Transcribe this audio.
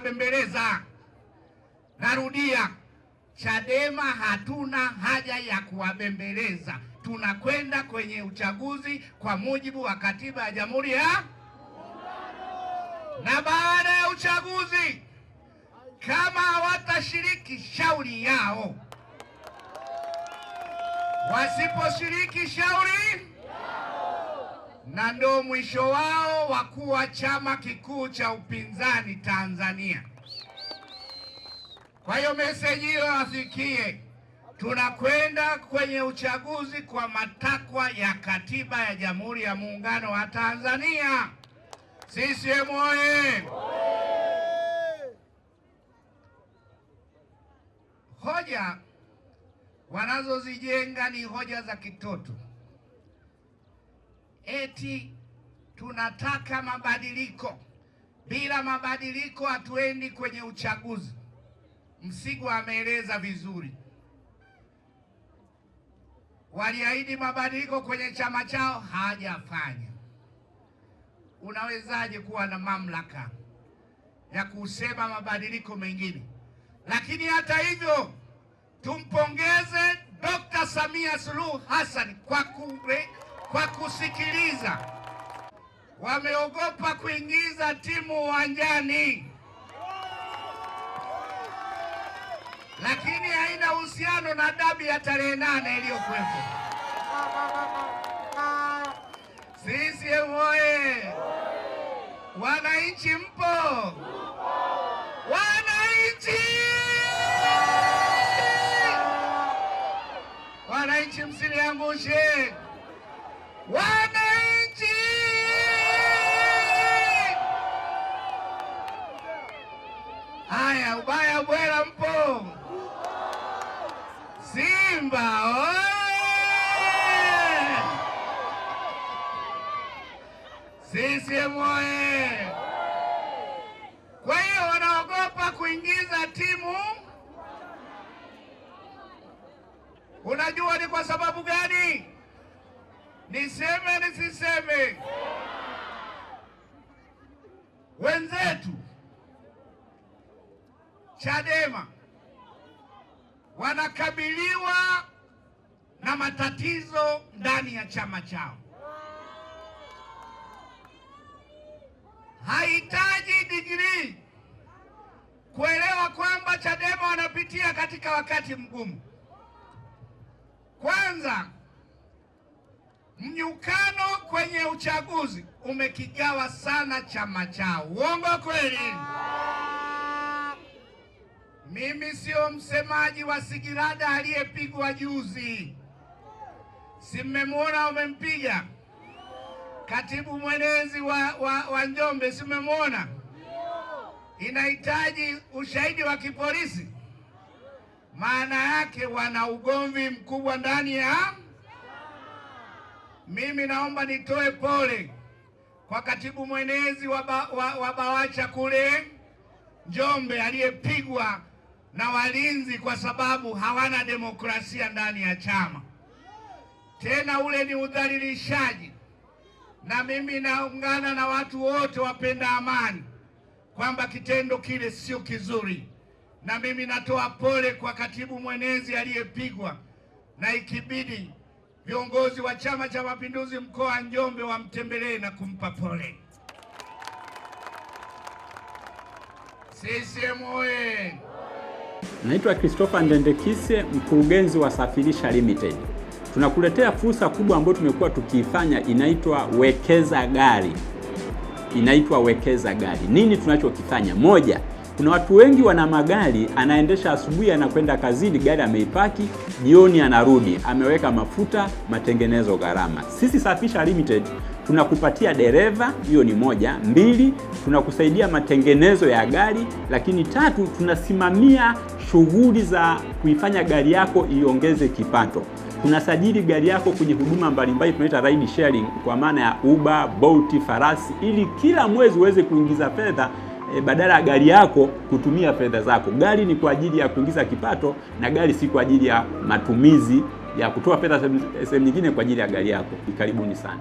kuwabembeleza. Narudia, Chadema hatuna haja ya kuwabembeleza. Tunakwenda kwenye uchaguzi kwa mujibu wa katiba ya Jamhuri ya na baada ya uchaguzi kama hawatashiriki, shauri yao. Wasiposhiriki shauri na ndo mwisho wao wa kuwa chama kikuu cha upinzani Tanzania. Kwa hiyo meseji hiyo wafikie, tunakwenda kwenye uchaguzi kwa matakwa ya katiba ya Jamhuri ya Muungano wa Tanzania. CCM oye! Hoja wanazozijenga ni hoja za kitoto eti tunataka mabadiliko. Bila mabadiliko hatuendi kwenye uchaguzi. Msigwa ameeleza vizuri, waliahidi mabadiliko kwenye chama chao, hajafanya. Unawezaje kuwa na mamlaka ya kusema mabadiliko mengine? Lakini hata hivyo tumpongeze Dr. Samia Suluhu Hassan kwa kure kwa kusikiliza. Wameogopa kuingiza timu uwanjani, lakini haina uhusiano na dabi ya tarehe nane iliyokuwepo. CCM oye! Wananchi mpo? Wananchi, wananchi, msiniangushe wananchi. Haya, ubaya bwela mpo Simba oye! CCM oye! Kwa hiyo wanaogopa kuingiza timu. Unajua ni kwa sababu gani? Niseme nisiseme, wenzetu Chadema wanakabiliwa na matatizo ndani ya chama chao. Hahitaji digrii kuelewa kwamba Chadema wanapitia katika wakati mgumu. Kwanza Mnyukano kwenye uchaguzi umekigawa sana chama chao. Uongo kweli? Mimi sio msemaji wa Sigirada aliyepigwa juzi, si mmemwona? Umempiga katibu mwenezi wa, wa, wa Njombe, si mmemwona? Inahitaji ushahidi wa kipolisi. Maana yake wana ugomvi mkubwa ndani ya mimi naomba nitoe pole kwa katibu mwenezi wa, ba, wa, wa BAWACHA kule Njombe aliyepigwa na walinzi kwa sababu hawana demokrasia ndani ya chama. Tena ule ni udhalilishaji, na mimi naungana na watu wote wapenda amani kwamba kitendo kile sio kizuri, na mimi natoa pole kwa katibu mwenezi aliyepigwa na ikibidi viongozi wa Chama cha Mapinduzi mkoa wa Njombe wamtembelee na kumpa pole. CCM oye! Naitwa Christopher Ndendekise, mkurugenzi wa Safirisha Limited. Tunakuletea fursa kubwa ambayo tumekuwa tukiifanya, inaitwa wekeza gari, inaitwa wekeza gari. Nini tunachokifanya? Moja, kuna watu wengi wana magari, anaendesha asubuhi, anakwenda kazini, gari ameipaki, jioni anarudi, ameweka mafuta, matengenezo, gharama. Sisi Safisha Limited tunakupatia dereva, hiyo ni moja. Mbili, tunakusaidia matengenezo ya gari, lakini tatu, tunasimamia shughuli za kuifanya gari yako iongeze kipato. Tunasajili gari yako kwenye huduma mbalimbali tunaita ride sharing, kwa maana ya Uber, Bolt, Farasi, ili kila mwezi uweze kuingiza fedha e, badala ya gari yako kutumia fedha zako. Gari ni kwa ajili ya kuingiza kipato, na gari si kwa ajili ya matumizi ya kutoa fedha sehemu nyingine kwa ajili ya gari yako. Karibuni sana.